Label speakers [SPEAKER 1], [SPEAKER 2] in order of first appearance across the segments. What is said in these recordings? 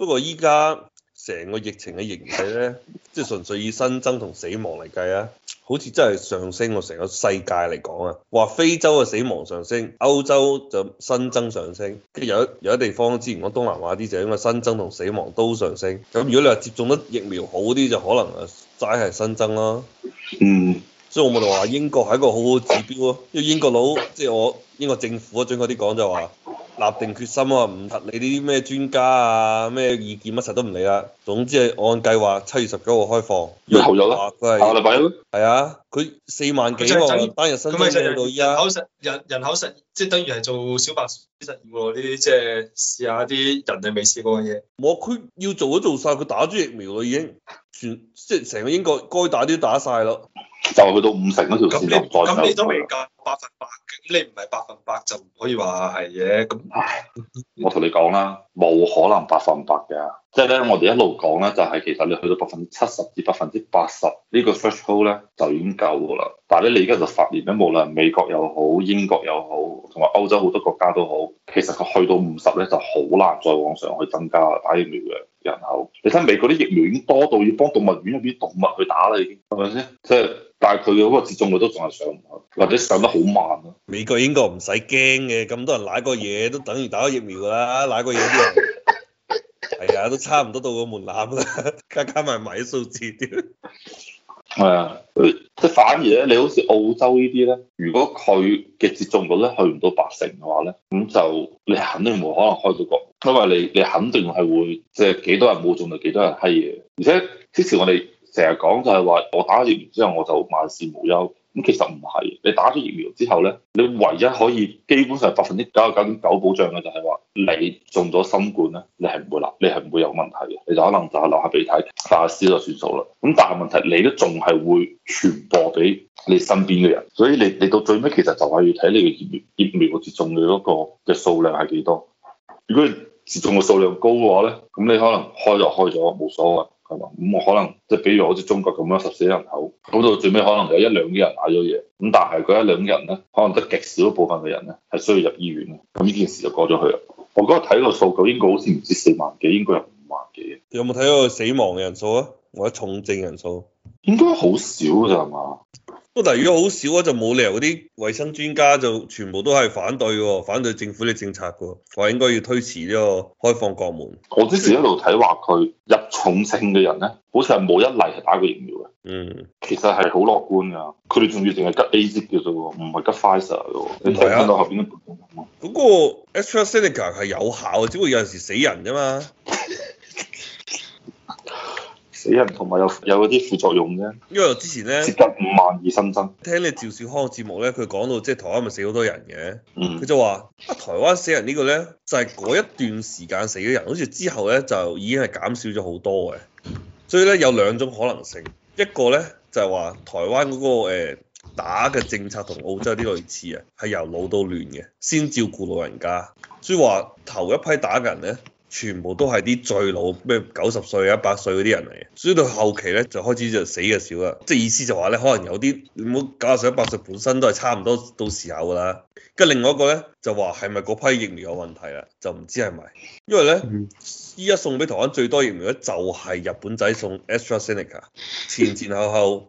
[SPEAKER 1] 不過依家成個疫情嘅形勢呢，即、就是、純粹以新增同死亡嚟計啊，好似真係上升喎！成個世界嚟講啊，話非洲嘅死亡上升，歐洲就新增上升，跟住有有啲地方之前講東南亞啲就因為新增同死亡都上升。咁如果你話接種得疫苗好啲，就可能齋係新增啦。嗯。所以我咪話英國係一個很好好指標咯，因為英國佬即、就是、我英國政府啊，準確啲講就話，立定決心啊！唔理啲咩專家啊，咩意見乜、啊、柒都唔理啦。總之係按計劃，七月十九號開放。要投入咯，下禮拜咯。係啊，佢四萬幾喎，單日新增幾人口人,人口實，即係等於係做小白鼠實驗喎，啲即係試下啲人哋未試過嘅嘢。我佢要做都做晒，佢打咗疫苗啦已經全，全即係成個英國該打啲都打晒咯。
[SPEAKER 2] 就係去到五成嗰條線就唔到。咁你都未夠百分
[SPEAKER 1] 百，咁你唔係百分
[SPEAKER 3] 百就唔可以話係嘅。咁
[SPEAKER 2] 唉 我同你講啦，冇可能百分百嘅，即係咧我哋一路講咧就係其實你去到百分之七十至百分之八十、呢個、呢個 threshold 咧就已經夠噶啦。但係咧你而家就發現咧，無論美國又好，英國又好，同埋歐洲好多國家都好，其實佢去到五十咧就好難再往上去增加打疫苗嘅人口。你睇美國啲疫苗已經多到要幫動物園入邊動物去打啦，已經係咪先？即係。但係佢嗰個接種率都仲係上唔到，或者上得好慢咯。美國、英國唔使
[SPEAKER 1] 驚嘅，咁多人舐過嘢都等於打咗疫苗啦，舐過嘢啲人係啊、 哎，都差唔多到個門檻啦，加加埋埋啲數字啲。係啊、 哎，
[SPEAKER 2] 即係反而咧，你好似澳洲呢啲咧，如果佢嘅接種率咧去唔到八成嘅話咧，咁就你肯定冇可能開到國，因為你你肯定係會即係幾多人冇中到幾多人閪嘅，而且之前我哋。成日講就係話，我打咗疫苗之後我就萬事無憂。咁其實唔係，你打咗疫苗之後咧，你唯一可以基本上百分之九十九點九保障嘅就係話，你中咗新冠咧，你係唔會攔，你係唔會有問題嘅。你就可能就係流下鼻涕、發下燒就算數啦。咁但係問題，你都仲係會傳播俾你身邊嘅人，所以你你到最尾其實就係要睇你嘅疫苗疫苗接種嘅嗰個嘅數量係幾多。如果你接種嘅數量高嘅話咧，咁你可能開就開咗，冇所謂。咁可能即係，比如好似中國咁樣十四人口，咁到最尾可能有一兩個人買咗嘢。咁但係嗰一兩個人咧，可能得極少部分嘅人咧，係需要入醫院。咁呢件事就過咗去啦。我覺得睇個數據，應該好似唔止四萬幾，應該有五萬
[SPEAKER 1] 幾。有冇睇過死亡嘅人數啊？或者重症人數？
[SPEAKER 2] 應該好少㗎，咋係嘛？
[SPEAKER 1] 不過嗱，如果好少啊，就冇理由啲衞生專家就全部都係反對，反對政府嘅政策嘅，話應該要推遲呢個開放國門。我之前一
[SPEAKER 2] 路睇話佢重症嘅人咧，好似係冇一例係打過疫苗嘅。嗯，其實係好樂觀㗎，佢哋仲要淨係得 AZ 嘅啫喎，唔係得 Pfizer 喎。啊、你睇翻到後邊嘅
[SPEAKER 1] 嗰個 extra cellular 係有效，只不過有陣時死人啫嘛。
[SPEAKER 2] 死人同埋有有嗰啲副作用嘅，因為之前咧接近五萬二新增。
[SPEAKER 1] 聽你趙少康嘅節目咧，佢講到即係台灣咪死好多人嘅，佢、嗯、就話啊台灣死人個呢個咧就係、是、嗰一段時間死嘅人，好似之後咧就已經係減少咗好多嘅。所以咧有兩種可能性，一個咧就係、是、話台灣嗰、那個、欸、打嘅政策同澳洲啲類似啊，係由老到嫩嘅，先照顧老人家，所以話頭一批打嘅人咧。全部都係啲最老咩九十歲、一百歲嗰啲人嚟嘅，所以到後期咧就開始就死嘅少啦。即係意思就話咧，可能有啲唔好加上一百歲本身都係差唔多到時候㗎啦。跟住另外一個咧就話係咪嗰批疫苗有問題啦？就唔知係咪，因為咧依家送俾台灣最多疫苗就係日本仔送 AstraZeneca 前前後後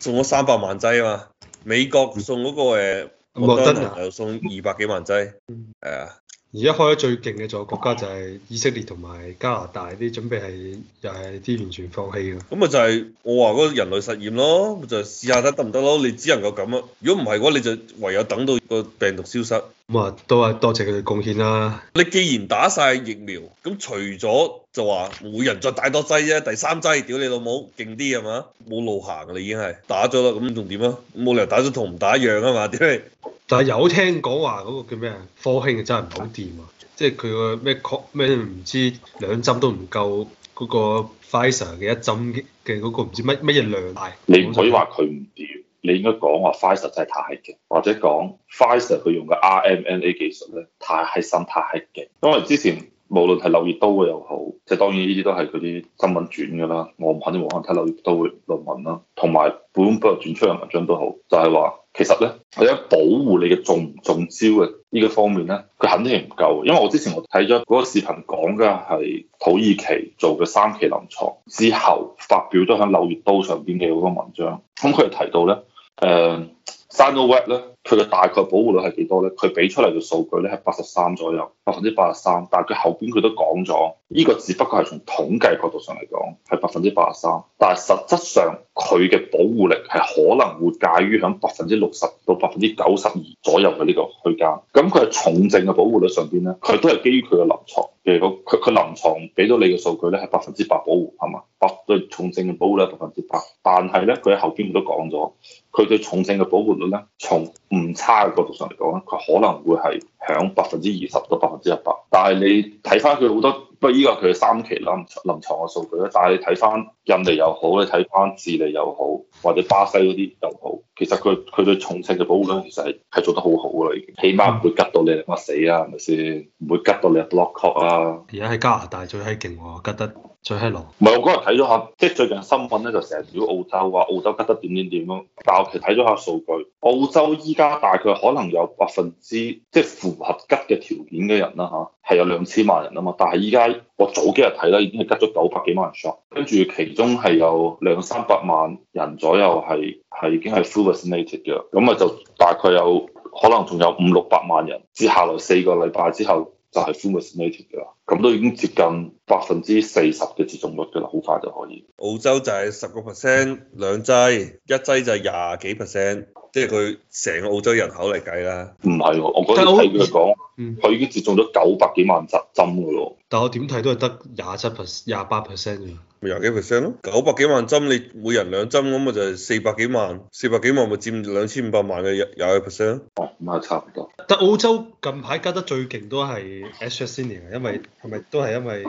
[SPEAKER 1] 送咗三百萬劑啊嘛。美國送嗰、嗰個誒，莫德納又送二百幾萬劑，係啊。而家開得最勁嘅兩個國家就係以色列同埋
[SPEAKER 3] 加拿大，啲準備係又係啲完全放棄嘅。
[SPEAKER 1] 咁咪就係我話嗰個人類實驗咯，咪就試下得得唔得咯？你只能夠咁啊！如果唔係嘅話，你就唯有等到個病毒消失。咁
[SPEAKER 3] 啊，都係多謝佢哋貢獻啦。
[SPEAKER 1] 你既然打晒疫苗，咁除咗就話每人再打多劑啫，第三劑屌你老母，勁啲係嘛？冇路行、啊、你已經係打咗啦，咁仲點啊？冇理由打咗同唔打一樣啊嘛？點解？但係有聽講
[SPEAKER 3] 話嗰個叫咩科興真係唔好掂啊！即係佢個咩確咩唔知兩針都唔夠嗰個、Pfizer 嘅一針嘅嗰個唔知乜乜嘢量大。
[SPEAKER 2] 你唔可以話佢唔掂，你應該講話 Pfizer 真係太勁，或者講 Pfizer 佢用嘅 mRNA 技術咧太狠、太勁。因為之前無論係紐約都會又好，即係當然呢啲都係佢啲新聞轉㗎啦。我唔肯定冇可能睇紐約都會論文啦，同埋本不論轉出嘅文章都好，就係話。其實咧，佢喺保護你嘅中唔中招嘅呢個方面咧，佢肯定唔夠。因為我之前我睇咗嗰個視頻講嘅係土耳其做嘅三期臨床之後發表咗喺柳葉刀上邊嘅嗰個文章，咁佢係提到咧，誒，Sinovac 咧，佢嘅大概保護率係幾多咧？佢俾出嚟嘅數據咧係八十三左右，百分之八十三。但係佢後邊佢都講咗，呢、呢個只不過係從統計角度上嚟講係百分之八十三，但係實質上。佢嘅保護力係可能會介於喺百分之六十到百分之九十二左右嘅呢個區間。咁佢係重症嘅保護率上邊咧，佢都係基於佢嘅臨床嘅嗰佢佢臨床俾到你嘅數據咧係百分之百保護係嘛？百對重症嘅保護率百分之百。但係咧，佢喺後邊都講咗，佢對重症嘅保護率咧，從誤差嘅角度上嚟講咧，佢可能會係喺百分之二十到百分之一百。但係你睇翻佢好多。不過依個佢係三期臨臨牀嘅數據啦，但係你睇翻印尼又好，你睇翻智利又好，或者巴西嗰啲又好，其實佢佢對重症嘅保護咧，其實係係做得好好咯，已經，起碼唔會吉到你哋㗎死啊，係咪先？唔會吉到你 lock up 啊！
[SPEAKER 3] 而家喺加拿大最閪勁喎，吉得～唔係
[SPEAKER 2] Hello? 我嗰日睇咗下，即係最近新聞咧就成日講澳洲啊，澳洲篤得點點點咯。但我其實睇咗下數據，澳洲依家大概可能有百分之即係符合篤嘅條件嘅人啦嚇，係有兩千萬人啊嘛。但係依家我早幾日睇啦，已經係篤咗九百幾萬人，跟住其中係有兩三百萬人左右，係係已經係 fully vaccinated 嘅，咁啊就大概有可能仲有五六百萬人，接下來四個禮拜之後就係 fully vaccinated 嘅啦，咁都已經接近。百分之四十嘅接種率嘅啦，好快就可以。
[SPEAKER 1] 澳洲就係十個 percent 兩劑一劑就係廿幾 percent，即係佢成個澳洲人口嚟計啦。唔係，我覺得睇佢嚟講，
[SPEAKER 2] 佢已經接種咗九百幾萬針針嘅咯、嗯。
[SPEAKER 1] 但我點睇都係得廿七 percent、廿八 percent 嘅。廿幾 percent 咯，九百幾萬針。你每人兩針咁啊，就係四百幾萬。四百幾萬咪佔兩千五百萬嘅廿一 percent 咯。哦，咁啊，差唔多。
[SPEAKER 3] 但澳洲近排加得最勁都係 S s t r 因為係咪都係因為。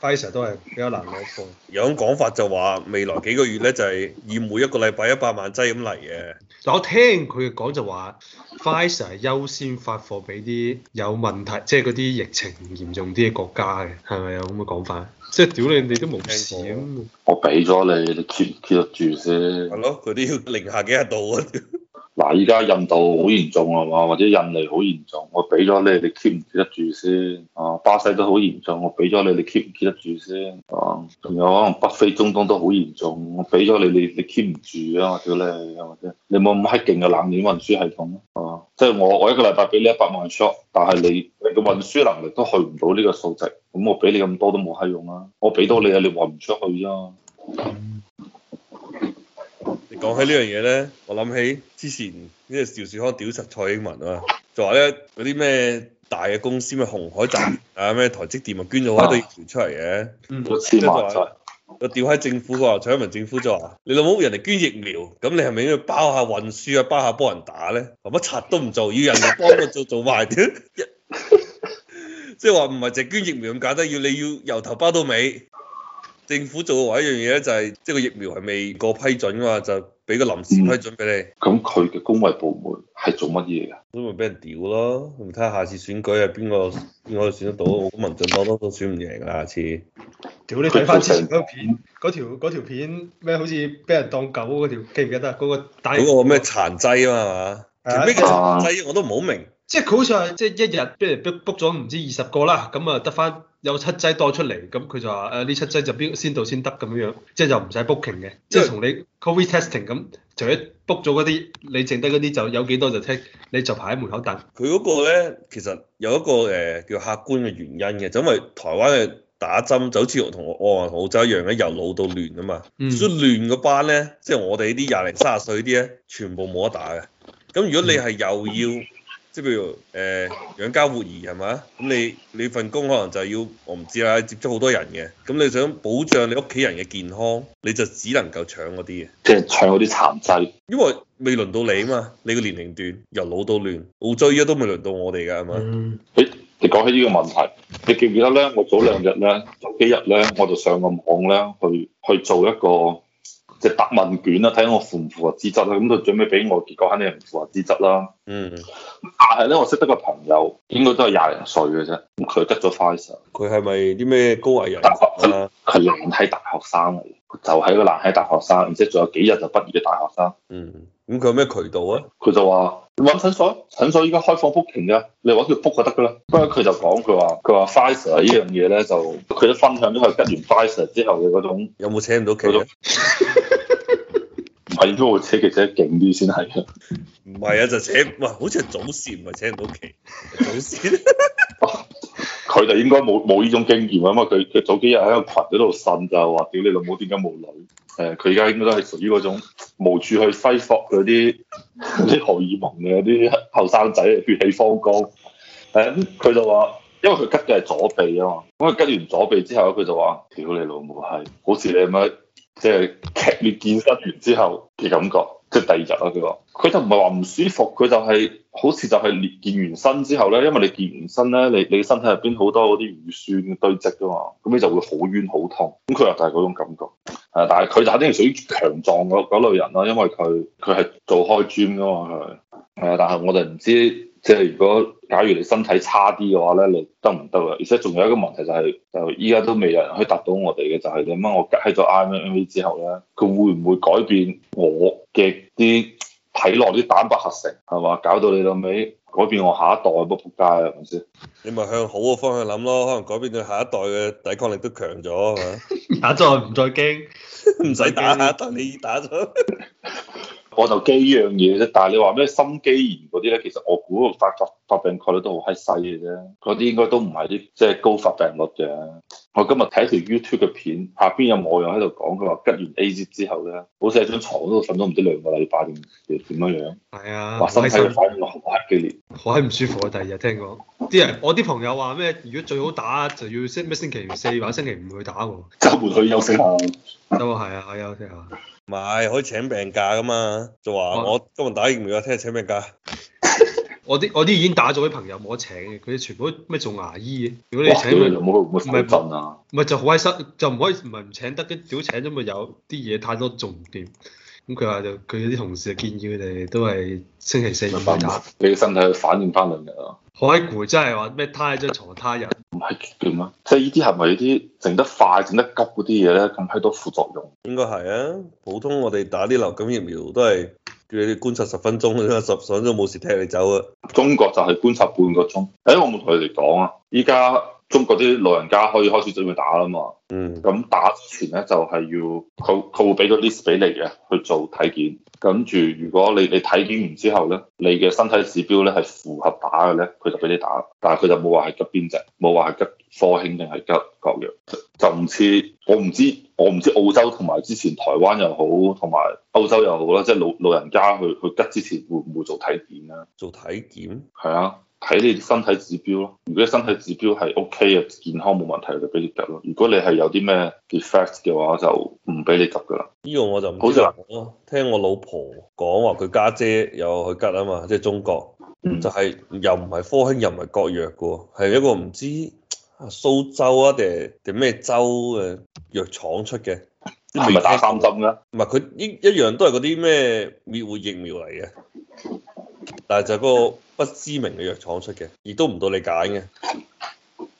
[SPEAKER 3] 輝瑞都係比較難攞
[SPEAKER 1] 貨，有種講法就話未來幾個月咧就係、是、以每一個禮拜一百萬劑咁嚟嘅。但我聽佢講就話，輝瑞係優先發
[SPEAKER 3] 貨俾啲有問題，即係嗰啲疫情嚴重啲嘅國家嘅，係咪有咁嘅講法？即係屌你，你都冇事咁。
[SPEAKER 2] 我俾咗你，你 keep keep 得住先。係咯，佢都
[SPEAKER 1] 要零下幾十度啊！
[SPEAKER 2] 嗱，依家印度好嚴重啊嘛？或者印尼好嚴重，我俾咗你，你 keep 唔住得住先啊！巴西都好嚴重，我俾咗你，你 keep 唔 keep 得住先啊！仲有可能北非、中東都好嚴重，我俾咗你，你 keep 你 keep 唔住啊！就是、我屌你，係咪你冇咁閪勁嘅冷鏈運輸系統啊！即係我我一個禮拜俾你一百萬 shot，但係你你嘅運輸能力都去唔到呢個數值，咁我俾你咁多都冇閪用啊！我俾多你啊，你運唔出去啊。
[SPEAKER 1] 講起這事呢樣嘢咧，我諗起之前呢個趙少康屌實蔡英文說那啊，就話咧，嗰啲咩大嘅公司咩鴻海站，啊咩台積電啊捐咗好多疫苗出嚟嘅，我屌喺政府，佢話蔡英文政府就話你老母人哋捐疫苗，咁你係咪要包下運輸啊包下幫人打呢？咧？乜柒都唔做，要人哋幫我做 做埋賣，即係話唔係淨捐疫苗咁簡單，要你要由頭包到尾。政府做嘅唯一一樣嘢咧，就係即係個疫苗係未過批准嘅嘛，就
[SPEAKER 2] 俾個臨時批准俾你。咁佢嘅公衛部門係做乜嘢啊？
[SPEAKER 1] 都咪俾人屌咯，睇下下次選舉係邊個邊可以選得到？民進黨都都選唔贏㗎，下次。屌你睇翻之
[SPEAKER 3] 前嗰片嗰條嗰條片咩？好似俾人當狗嗰條記唔記得？嗰、嗰個
[SPEAKER 1] 打。嗰個咩殘劑啊嘛？點解殘劑
[SPEAKER 3] 我都唔好明、啊即。即係佢好似係即係一日俾人 book book 咗唔知二十個啦，咁啊得翻。有七劑多出嚟，咁佢就話：誒、啊、呢七劑就邊先到先得咁樣樣，即係就唔使 booking 嘅，即係同你 COVID testing 咁，就一 book 咗嗰啲，你剩低嗰啲就有幾多就 take，你就
[SPEAKER 1] 排喺門口等。佢嗰個咧，其實有一個誒、呃、叫客觀嘅原因嘅，就是、因為台灣嘅打針就好似我同我澳門同澳洲一樣嘅，由老到嫩啊嘛，所以、嗯、班咧，即、就、係、是、我哋呢啲廿零卅歲啲咧，全部冇得打嘅。咁如果你係又要，嗯即係譬如誒、呃、養家活兒係嘛，咁你你份工可能就要我唔知啦，接觸好多人嘅，咁你想保障你屋企人嘅健康，你就只能夠搶嗰啲
[SPEAKER 2] 嘅，即係搶嗰啲殘劑，
[SPEAKER 1] 因為未輪到你啊嘛，你個年齡段由老到嫩，澳洲依家都未輪到
[SPEAKER 2] 我哋㗎係咪？誒，嗯、你講起呢個問題，你記唔記得咧？我早兩日咧，早幾日咧，我就上個網咧，去去做一個。就答問卷啦，睇下我符唔符合資質啊。咁準備俾我結果，肯定係唔符合資質啦。嗯，但係咧，我識得個朋友應該都係廿零歲嘅啫，佢得咗 Pfizer。
[SPEAKER 1] 佢係咪啲咩高危人？大學
[SPEAKER 2] 啊，佢係爛閪大學生嚟，就係一個爛閪大學生，而且仲有幾日就畢業嘅大學生。嗯，咁佢有咩渠道啊？佢就話揾診所，診所依家開放 booking 嘅，你揾佢 book 就得㗎啦。不過佢就講佢話佢話 Pfizer 呢樣嘢咧，就佢都分享咗佢得完 Pfizer 之後嘅嗰種有冇請唔到？唔係，因為我請嘅真勁啲先係
[SPEAKER 1] 唔係啊，就請哇，好似係早市唔係請唔到期早市。
[SPEAKER 2] 佢 就應該冇冇呢種經驗啊嘛！佢早幾日喺個群度呻就話：屌你老母點解冇女？誒、呃，佢而家應該都係屬於嗰種無處去揮霍嗰啲嗰啲荷爾蒙嘅嗰啲後生仔，血氣方剛。誒、呃，佢就話因為佢吉嘅係左臂啊嘛，咁佢吉完左臂之後，佢就話：屌你老母係，好似你係咪。即係劇烈健身完之後嘅感覺，即係第二日啊，佢話佢就唔係話唔舒服，佢就係好似就係練健完身之後咧，因為你健完身咧，你你身體入邊好多嗰啲乳酸堆積噶嘛，咁你就會好冤好痛，咁佢就係嗰種感覺啊，但係佢就係屬於強壯嗰嗰類人咯，因為佢佢係做開 gym 噶嘛佢。係啊，但係我哋唔知，即係如果假如你身體差啲嘅話咧，你得唔得啊？而且仲有一個問題就係、是，就依、是、家都未有人可以達到我哋嘅，就係點啊？我喺咗 I M M V 之後咧，佢會唔會改變我嘅啲體內啲蛋白合成係嘛？搞到你老味改變我下一代都仆街啦，係咪先？
[SPEAKER 1] 你咪向好嘅方向諗咯，可能改變咗下一代嘅抵抗力都強
[SPEAKER 2] 咗， 打嘛？再
[SPEAKER 1] 唔再驚？唔使打嚇，但你打
[SPEAKER 2] 咗。 我就忌呢樣嘢啫，但係你話咩心肌炎嗰啲咧，其實我估發發發病概率都好閪細嘅啫，嗰啲應該都唔係啲即係高發病率嘅。我今日睇條 YouTube 嘅片，下邊有網友喺度講，佢話吉完 A Z 之後咧，好似喺張床嗰度瞓咗唔知兩個禮拜定點點樣樣。係
[SPEAKER 3] 啊，話身反
[SPEAKER 2] 好閪激烈好閪唔舒服啊！第二日聽講，
[SPEAKER 3] 啲人我啲朋友話咩？如果最好打就要星咩星期四或者星期五去
[SPEAKER 1] 打喎。
[SPEAKER 2] 週末去休息下
[SPEAKER 1] 都係啊，去休息下。唔係可以請病假㗎嘛？就話我今日打疫苗，聽日請病假。 我啲我啲已經打咗啲
[SPEAKER 3] 朋友冇得請嘅，佢哋全部咩做牙醫嘅。如果你請佢，唔係、啊、就好開心，就唔可以唔係唔請得嘅，屌請咗咪有啲嘢太多重點。咁佢話就佢啲同事建議佢哋都係星期四唔去打，你嘅身體去反應翻兩日咯。好攰，真係話咩？癱仔將坐癱人，唔係點啊？
[SPEAKER 2] 即係呢啲係咪啲整得快、整得急嗰啲嘢咧？咁閪多副作用？
[SPEAKER 1] 應該係啊，普通我哋打啲流感疫苗都係叫你觀察十分鐘啦，十分鐘冇事踢你走啊。走
[SPEAKER 2] 中國就係觀察半個鐘。誒、哎，我冇同你哋講啊。依家。中國啲老人家可以開始準備打啦嘛，嗯，咁打之前咧就係要佢佢會俾個 list 俾你嘅去做體檢，跟住如果你你體檢完之後咧，你嘅身體指標咧係符合打嘅咧，佢就俾你打，但係佢就冇話係吉邊隻，冇話係吉科興定係吉國藥，就唔似我唔知我唔知澳洲同埋之前台灣又好同埋歐洲又好啦，即係老老人家去去吉之前會唔會做體檢啊？做體檢？係啊。睇你身體指標咯，如果你身體指標係 OK 嘅，健康冇問題，就俾你得咯。如果你係有啲咩 defect 嘅話，就唔俾你得噶啦。呢
[SPEAKER 1] 個我就唔好就像咯，聽我老婆講話，佢家姐，姐有去吉啊嘛，即、就、係、是、中國，嗯、就係、是、又唔係科興，又唔係國藥嘅，係一個唔知蘇州啊定定咩州嘅藥廠出嘅，係咪打三針㗎？唔係佢一一樣都係嗰啲咩滅活疫苗嚟嘅，但係就是、那個。不知名嘅藥廠出嘅，
[SPEAKER 2] 而都唔到你揀嘅。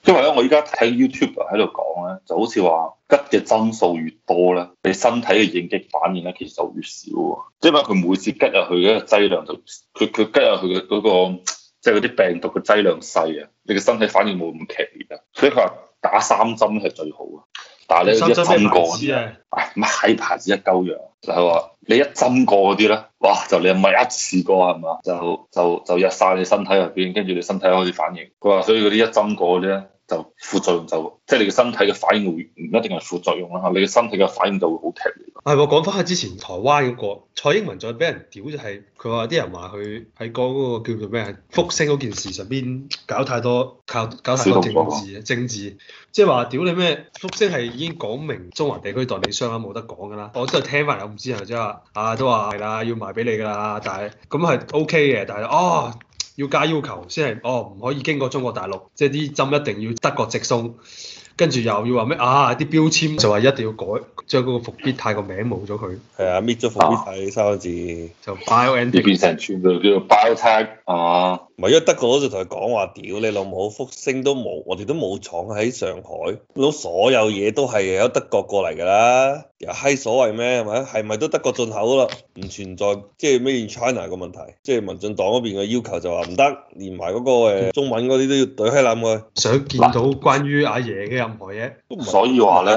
[SPEAKER 2] 因為咧，我依家睇 YouTube 喺度講咧，就好似話吉嘅針數越多咧，你身體嘅應激反應咧其實就越少。因為佢每次吉入去嘅劑量就，佢佢吉入去嘅嗰個，即係嗰啲病毒嘅劑量細啊，你嘅身體反應冇咁劇烈，所以佢話打三針係最好啊。.但係你，啊哎就是、你一針過嘅，唉，乜閪牌子一鳩樣，就係話你一針過嗰啲咧，哇！就你唔係一次過係嘛？就就就入曬你身體入邊，跟住你身體開始反應。佢話所以嗰啲一針過嗰啲咧。就副作用就即係你嘅身體嘅反應會唔一定係副作用啦嚇，你嘅身體嘅反應就會好劇
[SPEAKER 3] 烈。係喎，講翻下之前台灣嗰、那個蔡英文再俾人屌就係、是，佢話啲人話佢喺講嗰個叫做咩？復星嗰件事上邊搞太多靠搞，搞太多政治政治，即係話屌你咩復星係已經講明中華地區代理商冇得講㗎啦。我真係聽翻我唔知係咪啫啊，都話係啦，要賣俾你㗎啦，但係咁係 OK 嘅，但係哦。要加要求先係，哦，唔可以經過中國大陸，即係啲針一定要德國直送。跟住又要話咩啊？啲標籤就話一定要改，將嗰個復必泰個名冇咗佢。
[SPEAKER 1] 係啊，搣咗復必泰三個字就。
[SPEAKER 2] Bioend，就變成全部叫做
[SPEAKER 1] BioNTech，啊，唔係，因為德國嗰陣同佢講話，屌你老母，復星都冇，我哋都冇廠喺上海，攞所有嘢都係由德國過嚟㗎啦，又係所謂咩係咪？係咪都德國進口啦？唔存在即係 made in China 個問題。即係民進黨嗰邊嘅要求就話唔得，連埋嗰個中文嗰啲都要懟閪撚佢。嗯、想見到關於阿爺嘅。
[SPEAKER 2] 所以話咧，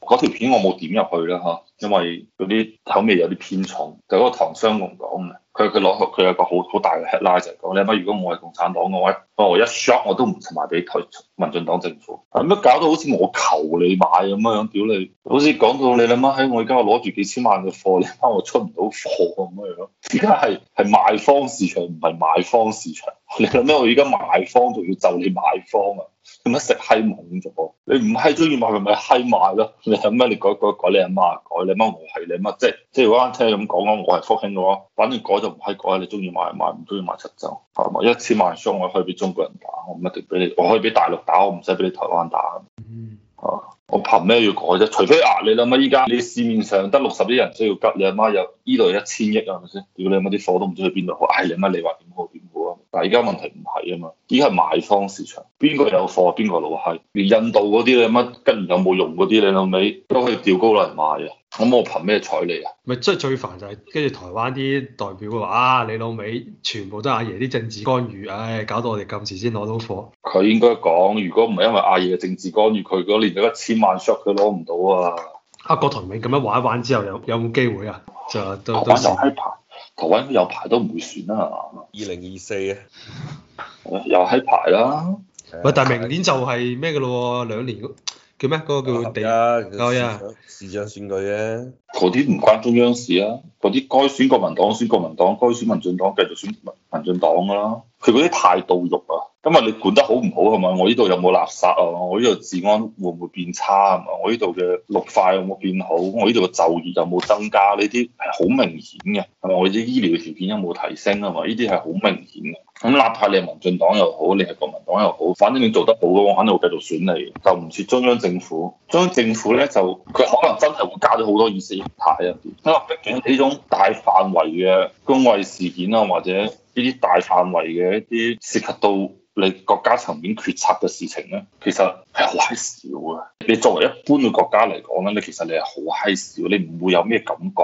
[SPEAKER 2] 嗰 條片我冇點入去啦，嚇。因為嗰啲口味有啲偏重，就嗰、是、個唐湘龍講嘅，佢佢攞佢有個好好大嘅 headline 就係講你諗乜？如果我係共產黨嘅話，我一 shot 我都唔同埋你退出民進黨政府。係乜搞到好似我求你買咁樣樣屌你？好似講到你諗下，嘿？我而家攞住幾千萬嘅貨，你媽我出唔到貨咁樣樣。而家係係賣方市場，唔係買方市場。你諗乜我而家賣方仲要就你買方啊？做乜食閪懵咗？你唔閪中意買咪咪閪買咯？你諗乜？你改改改你阿媽改？改改改改改改你乜我係你乜，即即如果單車咁講咯，我係復星嘅話，反正改就唔係改，你中意買咪買，唔中意買就走，一千萬箱我可以俾中國人打，我唔一定俾你，我可以俾大陸打，我唔使俾你台灣打、嗯啊。我憑咩要改啫？除非壓、啊、你諗吓，依家你市面上得六十啲人需要急，你阿媽有依度一千億啊，係咪先？屌你乜啲貨都唔知去邊度去，唉你乜你話點好點好啊？但係依家問題唔係啊嘛，依家係買方市場，邊個有貨邊個老閪，連印度嗰啲你乜跟有冇用嗰啲你老味都可以調高嚟賣啊！咁我憑咩彩你啊？
[SPEAKER 3] 咪即係最煩就係跟住台灣啲代表話啊，你老味，全部都阿爺啲政治干預，唉、哎，搞到我哋咁遲先攞到貨。
[SPEAKER 2] 佢應該講，如果唔係因為阿爺嘅政治干預，佢如果連一千萬，shot，佢攞唔到啊。
[SPEAKER 3] 啊，郭台銘咁樣玩一玩之後，有有冇機會啊？就係
[SPEAKER 1] 都又喺
[SPEAKER 2] 排，台灣有排都唔會算啦。二零二四啊，啊 又喺排啦、
[SPEAKER 3] 啊。喂，但明年就係咩㗎咯？兩年。
[SPEAKER 1] 叫
[SPEAKER 2] 咩？嗰、那個叫地啊，嗰呀、啊，市長，oh、yeah. 市長選舉啫、啊。嗰啲唔關中央事啊，嗰啲該選國民黨選國民黨，該選民進黨繼續選民民進黨㗎喇。佢嗰啲太賭慾啊！今日你管得好唔好係咪？我呢度有冇垃圾啊？我呢度治安會唔會變差啊？我呢度嘅綠化有冇變好？我呢度嘅就業有冇增加？呢啲係好明顯嘅，係咪？我啲醫療嘅條件有冇提升啊？嘛，呢啲係好明顯嘅。咁哪怕你係民進黨又好，你係國民黨又好，反正你做得好，我肯定會繼續選你。就唔似中央政府，中央政府咧就佢可能真係會加咗好多意識形態啊，因為畢竟呢種大範圍嘅公衛事件啊，或者呢啲大範圍嘅一啲涉及到。你國家層面決策嘅事情呢，其實係好閪笑嘅。你作為一般嘅國家嚟講呢，你其實你係好閪笑，你唔會有咩感覺。